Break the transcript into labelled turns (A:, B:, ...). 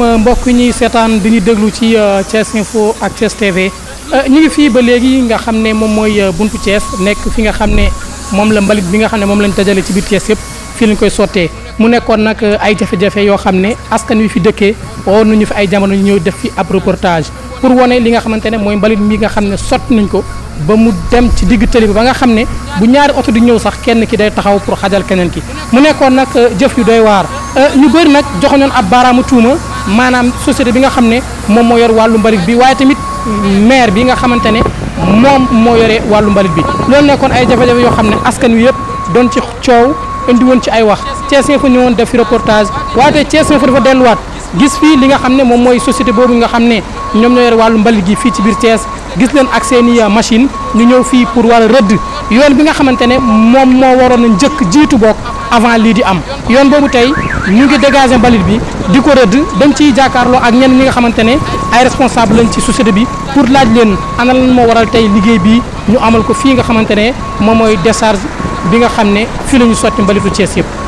A: mbokk ñuy seetaan dañuy déglu ci euh, Thiès Info ak Thiès TV euh, ñu fii ba léegi nga xam ne moom mooy euh, buntu Thiès nekk fi nga xam ne moom la mbalit bi nga xam ne moom lañ dajale ci biir Thiès yëpp fii lañ koy sottee mu nekkoon nag ay jafe yoo xam ne askan wi fi dëkkee woon nañu fi ay jamono ñu def fi ab pour wane li nga xamante ne mooy mbalit mi nga xam ne sotti nañ ko ba mu dem ci digg tëli ba nga xam ne bu ñaari oto di ñëw sax kenn ki day taxaw pour xajal keneen ki mu nekkoon nag jëf yu doy waar ñu bëri nag joxoñoon ab baaraamu tuuma maanaam société bi nga xam ne moom moo yor wàllu mbalit bi waaye tamit maire bi nga xamante ne moom moo yore wàllu mbalit bi loolu nekkoon ay jafe-jafe yoo xam ne askan wi yëpp doon ci coow indi ci ay wax Thiès nga fa ñëwoon def fi reportage waaye tey Thiès nga fa dafa delluwaat gis fii li nga xam ne moom mooy société boobu nga xam ne ñoom ñoo yore wàllu mbalit gi fii ci biir Thiès gis leen ak seen i euh, machine ñu ñëw fii pour wàllu rëdd yoon bi nga xamante ne moom moo waroon a njëkk jiitu bokk avant lii di am yoon boobu tey ñu ngi dégager mbalit bi di ko rëdd dañ ciy jàkkaarloo ak ñenn ñi nga xamante ne ay responsable lañ ci société bi pour laaj leen anal moo waral tey liggéey bi ñu amal ko fii nga xamante ne moom mooy décharge bi nga xam ne fii la ñu sotti mbalitu Thiès yëpp.